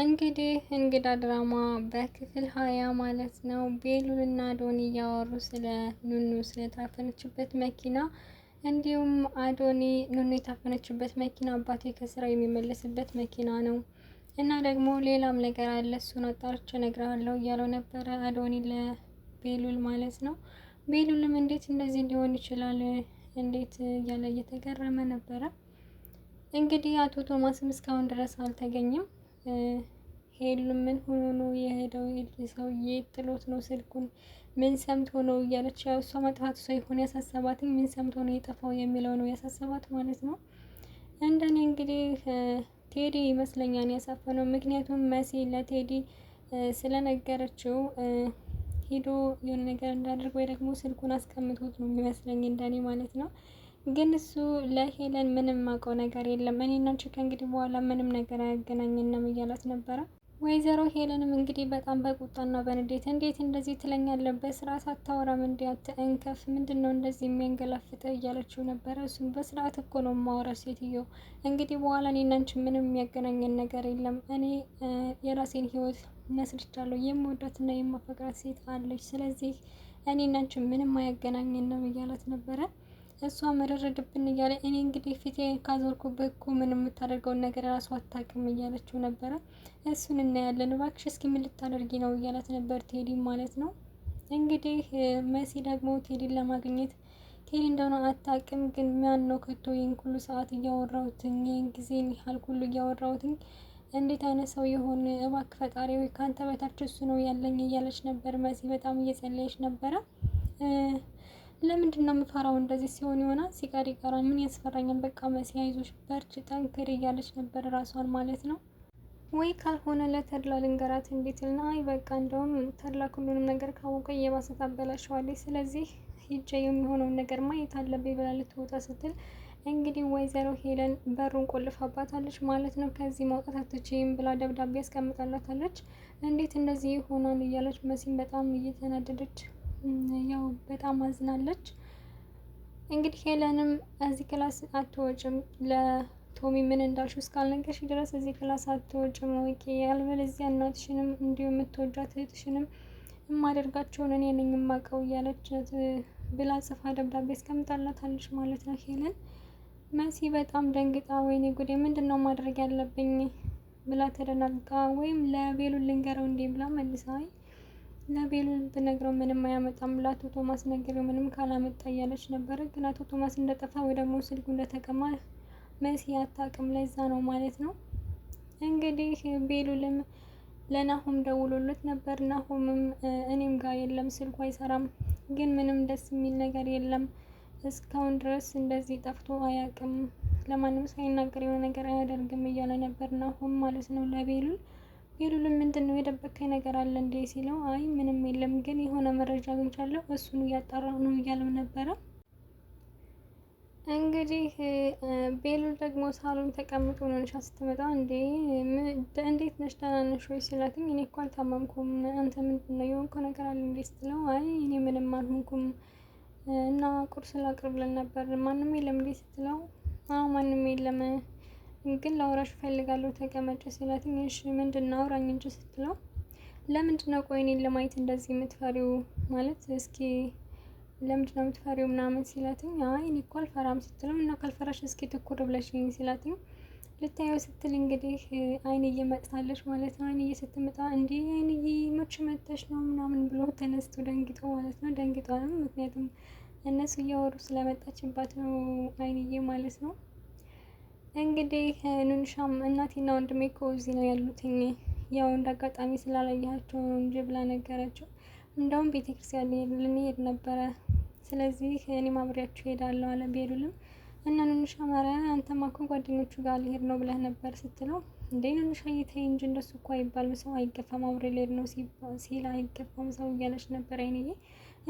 እንግዲህ እንግዳ ድራማ በክፍል ሀያ ማለት ነው። እና አዶኒ እያወሩ ስለ ኑኑ ስለታፈነችበት መኪና እንዲሁም አዶኒ ኑኑ የታፈነችበት መኪና አባቴ ከስራ የሚመለስበት መኪና ነው እና ደግሞ ሌላም ነገር አለ፣ እሱን አጣርቼ እነግርሃለሁ እያለው ነበረ አዶኒ ለቤሉል ማለት ነው። ቤሉልም እንዴት እንደዚህ ሊሆን ይችላል እንዴት እያለ እየተገረመ ነበረ። እንግዲህ አቶ ቶማስም እስካሁን ድረስ አልተገኘም። ሄሉ ምን ሆኖ ነው የሄደው? ሰውዬ ጥሎት ነው ስልኩን ምን ሰምቶ ነው እያለች ያው እሷ መጥፋቱ ሳይሆን ያሳሰባት ምን ሰምቶ ነው የጠፋው የሚለው ነው ያሳሰባት ማለት ነው። እንደኔ እንግዲህ ቴዲ ይመስለኛል ያሳፈነው። ምክንያቱም መሲ ለቴዲ ስለነገረችው ሄዶ የሆነ ነገር እንዳደርግ ወይ ደግሞ ስልኩን አስቀምጦት ነው የሚመስለኝ እንደኔ ማለት ነው። ግን እሱ ለሄለን ምንም ማውቀው ነገር የለም እኔ አንቺ ከእንግዲህ በኋላ ምንም ነገር አያገናኘንም እያላት ነበረ። ወይዘሮ ሄለንም እንግዲህ በጣም በቁጣና በንዴት እንዴት እንደዚህ ትለኛለን? በስርዓት አታወራም? እንዲያት እንከፍ ምንድን ነው እንደዚህ የሚያንገላፍጠ እያለችው ነበረ። እሱም በስርዓት እኮ ነው ማውራ ሴትዮ፣ እንግዲህ በኋላ እኔ ምንም የሚያገናኘን ነገር የለም። እኔ የራሴን ህይወት መስርቻለሁ። የምወዳትና የማፈቅራት ሴት አለች። ስለዚህ እኔ እና ምንም አያገናኘን ነው እያላት ነበረ። እሷ መረረድብን እያለ እኔ እንግዲህ ፊቴ ካዞርኩበት እኮ ምን የምታደርገውን ነገር ራሱ አታውቅም እያለችው ነበረ። እሱን እናያለን እባክሽ፣ እስኪ ምን ልታደርጊ ነው እያላት ነበር ቴዲ ማለት ነው። እንግዲህ መሲ ደግሞ ቴዲን ለማግኘት ቴዲ እንደሆነ አታውቅም፣ ግን ማን ነው ከቶ ይህን ሁሉ ሰዓት እያወራሁትኝ ይህን ጊዜ ያህል ሁሉ እያወራሁትኝ እንዴት አይነት ሰው የሆን እባክ ፈጣሪ ከአንተ በታች እሱ ነው ያለኝ እያለች ነበር መሲ። በጣም እየጸለየች ነበረ። ለምንድን ነው የምፈራው? እንደዚህ ሲሆን ይሆናል ሲቀር ይቀራል። ምን ያስፈራኛል? በቃ መሲ አይዞሽ፣ በርቺ፣ ጠንክሪ እያለች ነበር ራሷን ማለት ነው። ወይ ካልሆነ ለተድላ ልንገራት እንዴት ልና አይ በቃ እንደውም ተድላ ሁሉንም ነገር ካወቀ እየባሰ ታበላሸዋለች። ስለዚህ ሂጄ የሚሆነውን ነገር ማየት አለብኝ ብላ ልትወጣ ስትል እንግዲህ ወይዘሮ ሄለን በሩን ቆልፋባታለች ማለት ነው። ከዚህ መውጣት አትችይም ብላ ደብዳቤ ያስቀምጣላታለች። እንዴት እንደዚህ ይሆናል እያለች መሲም በጣም እየተናደደች ያው በጣም አዝናለች። እንግዲህ ሄለንም እዚህ ክላስ አትወጭም፣ ለቶሚ ምን እንዳልሽው እስካልነገርሽ ድረስ እዚህ ክላስ አትወጭም ወቂ፣ ቄ ያልበለዚያ እናትሽንም እንዲሁ የምትወጃት እህትሽንም የማደርጋቸውን እኔ ነኝ የማውቀው እያለች ብላ ጽፋ ደብዳቤ እስከምጣላታለች ማለት ነው። ሄለን መሲ በጣም ደንግጣ ወይኔ ጉዴ ምንድን ነው ማድረግ ያለብኝ ብላ ተደናግጣ ወይም ለቤሉ ልንገረው እንዴ ብላ መልሳ ለቤሉል ብነግረው ምንም አያመጣም፣ ለአቶ ቶማስ ነግሬው ምንም ካላመጣ እያለች ነበረ። ግን አቶ ቶማስ እንደጠፋ ወይ ደግሞ ስልኩ እንደተቀማ መሲ አታውቅም። ለዛ ነው ማለት ነው። እንግዲህ ቤሉልም ለናሆም ደውሎለት ነበር። ናሆምም እኔም ጋር የለም ስልኩ አይሰራም፣ ግን ምንም ደስ የሚል ነገር የለም። እስካሁን ድረስ እንደዚህ ጠፍቶ አያውቅም፣ ለማንም ሳይናገር የሆነ ነገር አያደርግም እያለ ነበር ናሆም ማለት ነው ለቤሉል የሉልም ምንድን ነው የደበቀኝ ነገር አለ እንዴ? ሲለው አይ ምንም የለም፣ ግን የሆነ መረጃ አግኝቻለሁ እሱን እያጣራ ነው እያለም ነበረ። እንግዲህ ቤሉል ደግሞ ሳሎን ተቀምጦ ነንሻ ስትመጣ እንዴ እንዴት ነሽ ደህና ነሽ ወይ ሲላትኝ እኔ እኮ አልታመምኩም አንተ ምንድን ነው የሆንኩ ነገር አለ እንዴ? ስትለው አይ እኔ ምንም አልሆንኩም እና ቁርስ ላቅርብ ላቅርብልን ነበር ማንም የለም እንዴ? ስትለው አዎ ማንም የለም ግን ላውራሽ እፈልጋለሁ ተቀመጭ ሲላትኝ እሺ ምንድን ነው አውራኝ እንጂ ስትለው ለምንድን ነው ቆይ እኔን ለማየት እንደዚህ የምትፈሪው ማለት እስኪ ለምንድን ነው የምትፈሪው ምናምን ሲላትኝ አይ እኔ እኮ አልፈራም ስትለው እና ካልፈራሽ እስኪ ትኩር ብለሽኝ ሲላትኝ ልታየው ስትል እንግዲህ አይንዬ መጥታለች ማለት ነው። አይንዬ ስትመጣ እንዲህ አይንዬ መች መጥተሽ ነው ምናምን ብሎ ተነስቶ ደንግጦ ማለት ነው። ደንግጧልም ምክንያቱም እነሱ እያወሩ ስለመጣችባት ነው አይንዬ ማለት ነው። እንግዲህ ኑንሻም እናቴና ወንድሜ እኮ እዚህ ነው ያሉትኝ ያው እንደ አጋጣሚ ስላላያቸው ነው እንጂ ብላ ነገረችው። እንደውም ቤተክርስቲያን ልንሄድ ነበረ፣ ስለዚህ እኔ አብሬያችሁ እሄዳለሁ አለ ቤሉልም እና ኑንሻ ማርያ አንተማ እኮ ጓደኞቹ ጋር ልሄድ ነው ብለህ ነበር ስትለው፣ እንዴ ኑንሻ እየተይ እንጂ እንደሱ እኮ አይባልም ሰው አይገፋም አብሬ ልሄድ ነው ሲል አይገፋም ሰው እያለች ነበር አይንዬ።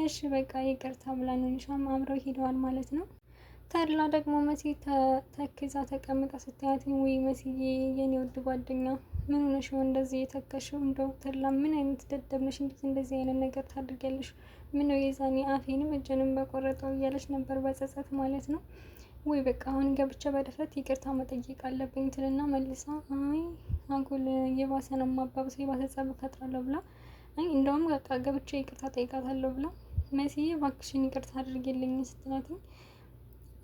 እሺ በቃ ይቅርታ ብላ ኑንሻም አብረው ሄደዋል ማለት ነው። ተድላ ደግሞ መሲ ተክዛ ተቀምጣ ስታያት ወይ መስዬ የኔ ውድ ጓደኛ ምን ሆነሽ ነው እንደዚህ የተከሽው? እንደው ተድላ ምን አይነት ደደብ ነሽ? እንዴት እንደዚህ አይነት ነገር ታድርጊያለሽ? ምን ነው የዛኔ አፌንም እጄንም በቆረጠው እያለች ነበር፣ በጸጸት ማለት ነው። ወይ በቃ አሁን ገብቼ በድፍረት ይቅርታ መጠየቅ አለብኝ ትልና መልሳ አይ አጉል የባሰ ነው ማባብሰው የባሰ ጸብ ፈጥራለሁ ብላ አይ እንደውም በቃ ገብቼ ይቅርታ ጠይቃታለሁ ብላ መስዬ እባክሽን ይቅርታ አድርጊልኝ ስትላትኝ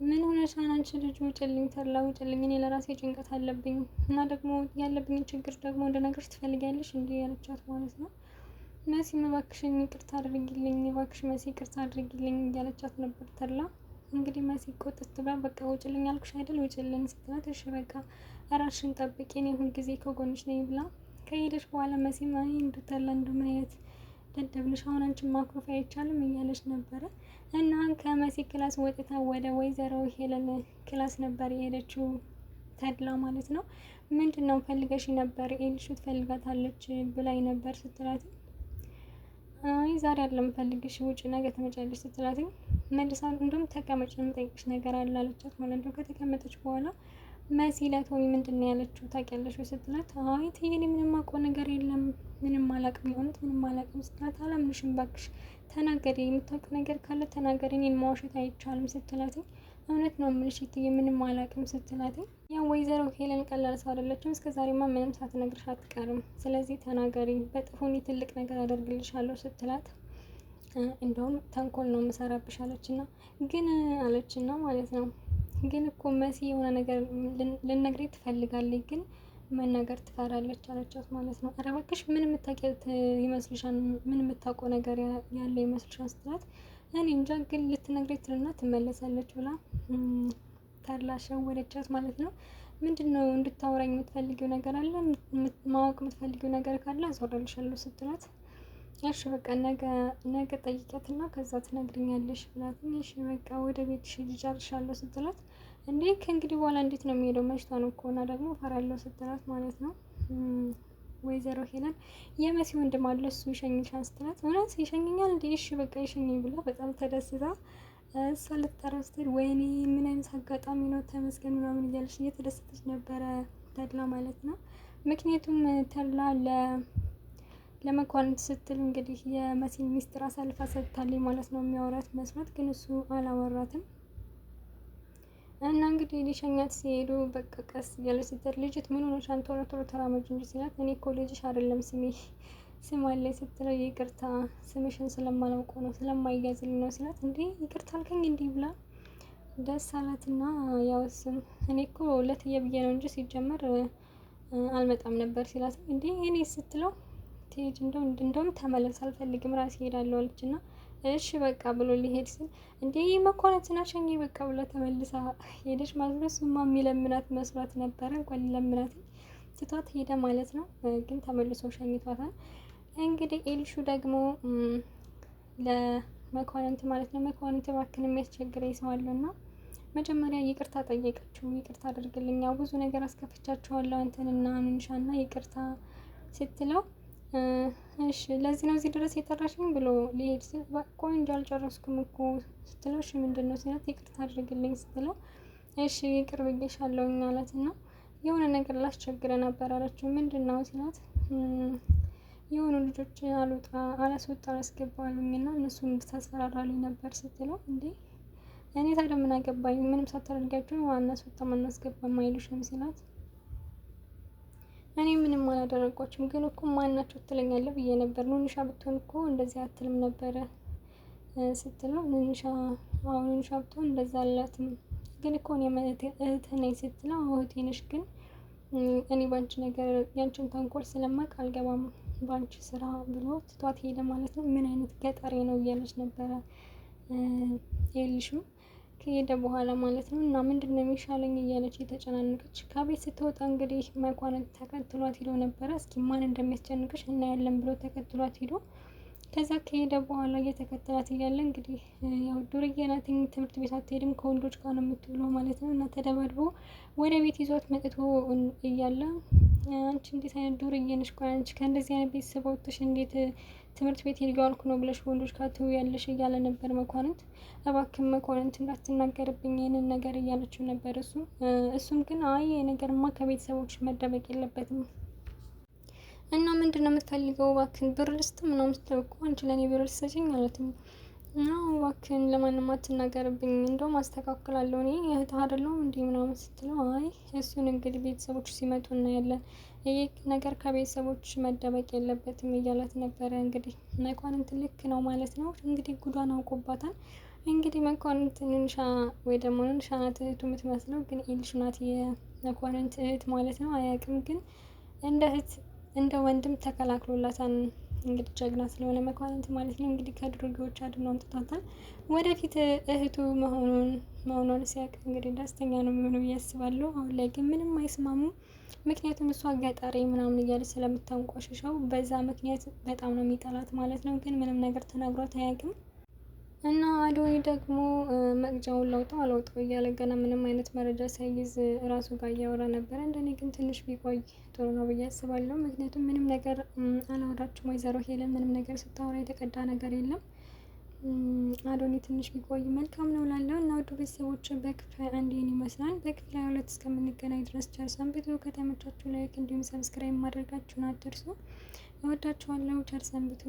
ምን ሆነሽ ነው አንቺ ልጅ ውጭልኝ ተላ ውጭልኝ፣ እኔ ለራሴ ጭንቀት አለብኝ እና ደግሞ ያለብኝን ችግር ደግሞ ነገር ትፈልጊያለሽ እንዲ ያለቻት ማለት ነው። መሲ እባክሽን ይቅርታ አድርጊልኝ፣ እባክሽ መሲ ይቅርታ አድርጊልኝ እያለቻት ነበር ተላ። እንግዲህ መሲ ቆጥት ብላ በቃ ውጭልኝ አልኩሽ አይደል ውጭልኝ ስትላት፣ እሺ በቃ ራስሽን ጠብቂ፣ እኔ ሁልጊዜ ከጎንሽ ነኝ ብላ ከሄደች በኋላ መሲ ማይ እንዱ ተላ ደደ አሁን አንቺን ማኩረፍ አይቻልም እያለች ነበረ። እና ከመሲ ክላስ ወጥታ ወደ ወይዘሮ ሄለን ክላስ ነበር የሄደችው ተድላ ማለት ነው። ምንድን ነው ፈልገሽ ነበር ኤልሹ ትፈልጋታለች ብላኝ ነበር ስትላት፣ አይ ዛሬ አይደለም ፈልግሽ ውጭ ነገ ትመጫለሽ ስትላት፣ መልሳ እንደውም ተቀመጭ የምጠይቅሽ ነገር አለ አለቻት ማለት ነው። ከተቀመጠች በኋላ መሲለት ወይ ምንድን ነው ያለችው ታውቂያለሽ ወይ ስትላት፣ አይ እትዬ ምንም አውቀው ነገር የለም ምንም አላውቅም፣ የሆኑት ምንም አላውቅም ስትላት፣ አላምንሽም እባክሽ ተናገሪ፣ የምታውቅ ነገር ካለ ተናገሪ፣ እኔን ማዋሸት አይቻልም ስትላት፣ እውነት ነው የምልሽ እትዬ ምንም አላውቅም ስትላት፣ ያው ወይዘሮ ሄለን ቀላል ሰው አይደለችም፣ እስከ ዛሬማ ምንም ሳትነግርሽ አትቀርም፣ ስለዚህ ተናገሪ፣ በጥፎኒ ትልቅ ነገር አደርግልሻለሁ ስትላት እንደውም ተንኮል ነው የምሰራብሽ አለችና ግን አለችና ማለት ነው ግን እኮ መሲ የሆነ ነገር ልነግሬ ትፈልጋለች ግን መናገር ትፈራለች አለቻት ማለት ነው። ኧረ እባክሽ ምን የምታውቂያት ይመስልሻል? ምን የምታውቀው ነገር ያለ ይመስልሻል ስትላት እኔ እንጃ ግን ልትነግሬ ትልና ትመለሳለች ብላ ተላ ወደቻት ማለት ነው። ምንድን ነው እንድታወራኝ የምትፈልጊው ነገር አለ? ማወቅ የምትፈልጊው ነገር ካለ አዞረልሻለሁ ስትላት እሺ በቃ ነገ ነገ ጠይቂያትና ከዛ ትነግርኛለሽ ብላት እሺ በቃ ወደ ቤትሽ ሂጂ ጨርሻለሁ ስትላት እንዴ ከእንግዲህ በኋላ እንዴት ነው የሚሄደው? መሽቷን እኮ እና ደግሞ ፈራለው ስትላት ማለት ነው ወይዘሮ ሄለን የመሲ ወንድም አለ እሱ ይሸኝሻል ስትላት፣ እውነት ይሸኝኛል እንዴ? እሺ በቃ ይሸኝኝ ብላ በጣም ተደስታ እሷ ልትጠራ ስትል ወይኔ ምን አይነት አጋጣሚ ነው ተመስገን ምናምን እያለች እየተደሰተች ነበረ ተድላ ማለት ነው። ምክንያቱም ተድላ ለመኳንንት ስትል እንግዲህ የመሲን ሚስጥር አሳልፋ ሰጥታለች ማለት ነው። የሚያወራት መስሎት ግን እሱ አላወራትም። እና እንግዲህ ሊሸኛት ሲሄዱ በቃ ቀስ እያለች ስትል ልጅት ምን ሆነሽ አንተ ቶሎ ቶሎ ተራመጅ እንጂ ሲላት እኔ እኮ ልጅሽ አይደለም ስሜ ስም አለ ስትለው ይቅርታ ስምሽን ስለማላውቀው ነው ስለማይያዝልኝ ነው ሲላት እንዴ ይቅርታ አልከኝ እንዲህ ብላ ደስ አላትና ያው ስም እኔ እኮ ለትዬ ብዬ ነው እንጂ ሲጀመር አልመጣም ነበር ሲላት እንዴ እኔ ስትለው ትሄጅ እንደውም ተመለስ አልፈልግም ራሴ እሄዳለሁ አለችና እሺ በቃ ብሎ ሊሄድ ሲል እንዴ መኳንንትን አሸኝ በቃ ብሎ ተመልሳ ሄደች ማለት ነው። እሱማ የሚለምናት መስራት ነበረ እንኳን ሊለምናት ትቷት ሄደ ማለት ነው። ግን ተመልሶ ሸኝቷታል። እንግዲህ ኤልሹ ደግሞ ለመኳንንት ማለት ነው መኳንንት እባክን የሚያስቸግረኝ ሰው አለና መጀመሪያ ይቅርታ ጠየቀችው። ይቅርታ አድርግልኛ ብዙ ነገር አስከፍቻችኋለሁ አንተንና ንንሻና ይቅርታ ስትለው እሺ ለዚህ ነው እዚህ ድረስ የጠራሽኝ ብሎ ሊሄድ ሲል ቆንጆ አልጨረስኩም እኮ ስትለው እሺ ምንድን ነው ሲላት ይቅርታ አድርግልኝ ስትለው እሺ ይቅር ብዬሻለሁ አላት እና የሆነ ነገር ላስቸግረ ነበር አለችው። ምንድን ነው ሲላት የሆኑ ልጆች አልወጣ አላስወጣ አላስገባሉኝ እና እነሱ እንድታስፈራራልኝ ነበር ስትለው እንዴ እኔ ታዲያ ምን አገባኝ ምንም ሳታደርጋቸው አናስወጣም አናስገባም አይሉሽም ሲላት እኔ ምንም አላደረጓችሁም፣ ግን እኮ ማናቸው ትለኛለህ ብዬ ነበር። ኑንሻ ብትሆን እኮ እንደዚህ አትልም ነበረ ስትል ነው። ኑንሻ አዎ፣ ኑንሻ ብትሆን እንደዛ አላትም፣ ግን እኮ እኔ እህትህ ነኝ ስትለው፣ እህቴ ነሽ፣ ግን እኔ ባንቺ ነገር ያንቺን ተንኮል ስለማቅ አልገባም ባንቺ ስራ ብሎ ትቷት ሄደ ማለት ነው። ምን አይነት ገጠሬ ነው እያለች ነበረ የልሹ ከሄደ በኋላ ማለት ነው። እና ምንድን ነው የሚሻለኝ እያለች የተጨናነቀች ከቤት ስትወጣ እንግዲህ መኳንንት ተከትሏት ሂዶ ነበረ። እስኪ ማን እንደሚያስጨንቅሽ እናያለን ብሎ ተከትሏት ሂዶ ከዛ ከሄደ በኋላ እየተከተላት እያለ እንግዲህ ያው ዱርዬ ናት፣ ትምህርት ቤት አትሄድም፣ ከወንዶች ጋር ነው የምትውለው ማለት ነው። እና ተደባድቦ ወደ ቤት ይዟት መጥቶ እያለ አንቺ እንዴት አይነት ዱርዬ ነሽ? ቆይ አንቺ ከእንደዚህ አይነት ቤተሰብ ወጥተሽ እንዴት ትምህርት ቤት ሄድጋልኩ ነው ብለሽ ወንዶች ጋር ትውያለሽ? እያለ ነበር መኳንንት። እባክም መኳንንት እንዳትናገርብኝ ይህንን ነገር እያለችው ነበር። እሱ እሱም ግን አይ ነገር ማ ከቤተሰቦች መደበቅ የለበትም እና ምንድን ነው የምትፈልገው? እባክህን ብር ልስጥ ምናምን ስትለው እኮ አንቺ ለእኔ ብር ልትሰጪኝ ማለት ነው። እና እባክህን ለማንም አትናገርብኝ፣ እንደውም አስተካክላለሁ እኔ እህትህ አይደለሁም እንዲህ ምናምን ስትለው፣ አይ እሱን እንግዲህ ቤተሰቦች ሲመጡ እናያለን፣ ይህ ነገር ከቤተሰቦች መደበቅ የለበትም እያላት ነበረ። እንግዲህ መኳንንት ልክ ነው ማለት ነው። እንግዲህ ጉዷን አውቆባታል። እንግዲህ መኳንንት ንንሻ ወይ ደግሞ ንንሻ ናት እህቱ የምትመስለው፣ ግን ኢልሽ ናት የመኳንንት እህት ማለት ነው። አያውቅም ግን እንደ እህት እንደ ወንድም ተከላክሎላታል። እንግዲህ ጀግና ስለሆነ መኳንንት ማለት ነው። እንግዲህ ከድሮጌዎች አድኖ አምጥቷታል። ወደፊት እህቱ መሆኑን መሆኗን ሲያውቅ እንግዲህ ደስተኛ ነው የሚሆነው ብዬ አስባለሁ። አሁን ላይ ግን ምንም አይስማሙ። ምክንያቱም እሷ ገጠሪ ምናምን እያለች ስለምታንቋሽሸው በዛ ምክንያት በጣም ነው የሚጠላት ማለት ነው። ግን ምንም ነገር ተናግሯት አያውቅም። እና አዶኒ ደግሞ መቅጃውን ለውጠው አለውጠው እያለ ገና ምንም አይነት መረጃ ሳይይዝ እራሱ ጋር እያወራ ነበረ። እንደኔ ግን ትንሽ ቢቆይ ጥሩ ነው ብዬ አስባለሁ። ምክንያቱም ምንም ነገር አላወራችም ወይዘሮ ሄለን ምንም ነገር ስታወራ የተቀዳ ነገር የለም። አዶኒ ትንሽ ቢቆይ መልካም ነው ላለው እና ውድ ቤተሰቦች በክፍል አንድ ይህን ይመስላል። በክፍል ሀያ ሁለት እስከምንገናኝ ድረስ ቸርሰን ቤቱ ከተመቻችሁ ላይክ እንዲሁም ሰብስክራይብ ማድረጋችሁን አትርሱ። እወዳችኋለሁ። ቸርሰን ቤቱ